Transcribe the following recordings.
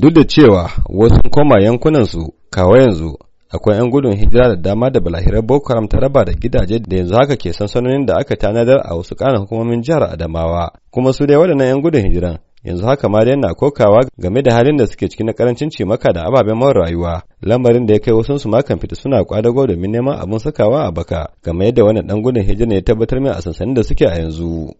Duk da cewa wasu koma yankunansu kawo yanzu akwai 'yan gudun hijira da dama da balahirar Boko Haram ta raba da gidaje da yanzu haka ke sansanonin da aka tanadar a wasu kanan hukumomin jihar Adamawa kuma su dai waɗannan 'yan gudun hijiran yanzu haka ma dai na kokawa game da halin da suke ciki na karancin cimaka da ababen mara rayuwa lamarin da ya kai wasu su ma kan fita suna kwadago domin neman abin sakawa a baka game da wannan dan gudun hijira ya tabbatar min a sansanin da suke a yanzu mu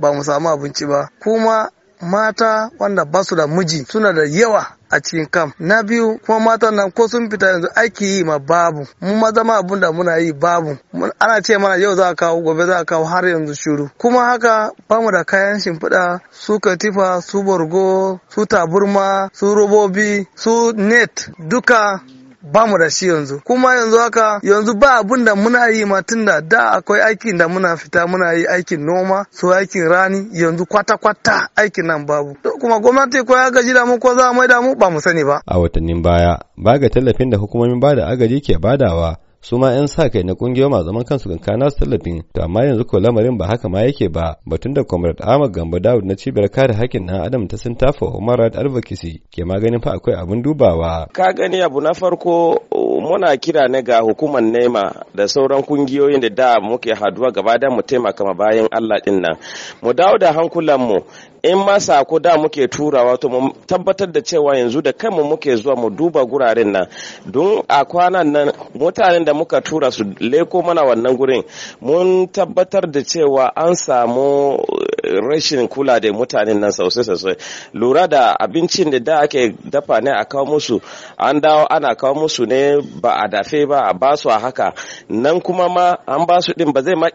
ba mu samu abinci ba kuma mata wanda ba su da miji suna da yawa a cikin kam na biyu kuma matan nan ko sun fita yanzu aiki yi ma babu mun maza ma abin da muna yi babu ana ce mana yau za a kawo gobe za a kawo har yanzu shiru kuma haka bamu da kayan shimfiɗa su katifa su borgo su taburma su robobi su net duka ba mu da shi yanzu kuma yanzu haka yanzu ba abun da muna yi ma tunda da akwai aikin da muna fita muna yi aikin noma su aikin rani yanzu kwata kwata aikin nan babu kuma gwamnati ko ya gaji da mu ko za a da mu ba mu sani ba a watannin baya ba ga tallafin da hukumomin bada agaji ke badawa su ma 'yan sa kai na kungiyar masu zaman kansu ga kana tallafin to amma yanzu ko lamarin ba haka ma yake ba batun da comrade Ahmad Gambo Dawud na cibiyar kare haƙƙin ɗan adam ta sun Sintafa Umar Advocacy ke maganin fa akwai abin dubawa ka gani abu na farko muna kira ne ga hukumar nema da sauran kungiyoyin da da muke haduwa gaba da mu taimaka ma bayan Allah din nan mu dawo da hankulan mu in ma ko da muke turawa to mu tabbatar da cewa yanzu da kanmu muke zuwa mu duba guraren nan don a kwanan nan mutanen da da muka tura su leko mana wannan gurin mun tabbatar da cewa an samu eh, rashin kula da mutanen nan sosai sosai lura da abincin da da ake dafa ne a kawo musu an dawo ana kawo musu ne ba a dafe ba a ba su a haka nan kuma ma an ba su din ba zai ma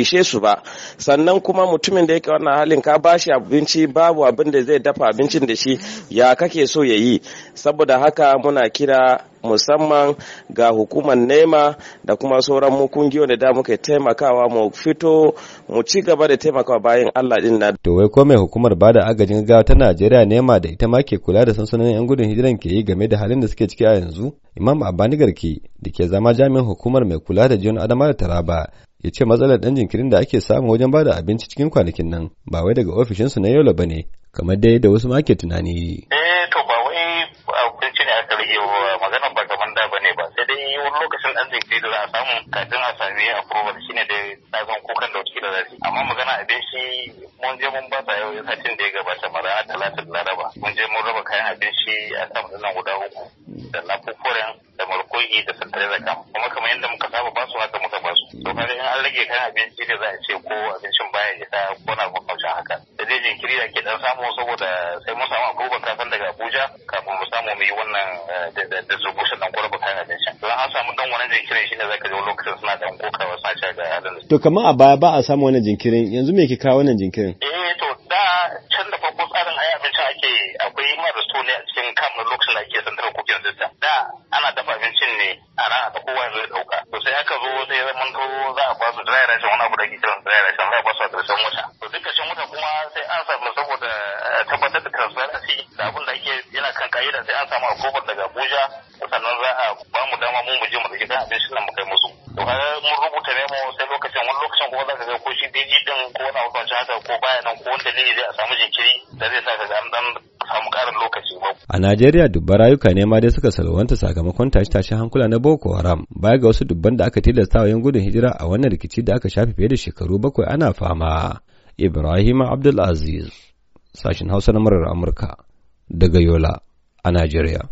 ishe su ba sannan kuma mutumin da yake wannan halin ka ba shi abinci babu abin da zai dafa abincin da shi ya kake so ya yi saboda haka muna kira musamman ga hukumar nema da kuma sauran mu da da muke taimakawa mu fito mu ci gaba da taimakawa bayan Allah din na to wai ko mai hukumar bada agajin gaggawa ta Najeriya nema da ita ma ke kula da sansanonin yan gudun hijiran ke yi game da halin da suke ciki a yanzu Imam Abani Garki da ke zama jami'in hukumar mai kula da jiyon Adama da Taraba ya ce matsalar dan jinkirin da ake samu wajen bada abinci cikin kwanakin nan ba wai daga ofishinsu na yola ba ne kamar dai da wasu ma ke tunani. Eh to mutunci ne aka rage wa magana ba kaman da ne ba sai dai wani lokacin ɗan zai da za a samu kafin a sami approval shine dai sabon kukan da wata da zai amma magana a shi mun je mun ba ta yau satin da ya gabata mara talatin laraba mun je mun raba kayan abinci a kan nan guda uku da lafufuren da markoyi da santare da kam kuma kamar yadda muka saba ba su haka muka ba su to kaga in an rage kayan abinci da za a ce ko abincin baya isa ko na makwabcin haka da dai jinkiri da ke dan samu saboda sai mun samu samu mu yi wannan eh, da zubu ba kai kayan shi don an samu dan wannan jinkirin shine zaka ji lokacin suna dan kokar wasa ce ga adalci to kamar a baya ba a samu wannan jinkirin yanzu me yake kawo wannan jinkirin eh to da can da farko tsarin ayi abincin ake akwai ma da ne a cikin kan lokacin da ake santar kukin system da ana dafa abincin ne a rana ta kowa zai dauka to sai aka zo sai zaman to za a ba su dry shi wani abu da ake kiran dry ration za a ba su a ƙarshen wata to duk samu approval daga Abuja sannan za a ba mu dama mu mu je mu ɗauki kayan abincin nan mu kai musu to kaga mun rubuta memo sai lokacin wani lokacin kuma za ka ga ko shi DG din ko wani abu haka ko baya nan ko wanda dalili zai a samu jinkiri da zai sa ka ga an dan samu karin lokaci ba. A Najeriya dubban rayuka ne ma dai suka salwanta sakamakon tashi tashen hankula na Boko Haram baya ga wasu dubban da aka tilasta wa 'yan gudun hijira a wannan rikici da aka shafe fiye da shekaru bakwai ana fama. Ibrahim Abdulaziz, sashen Hausa na murar Amurka, daga Yola. a Najeriya.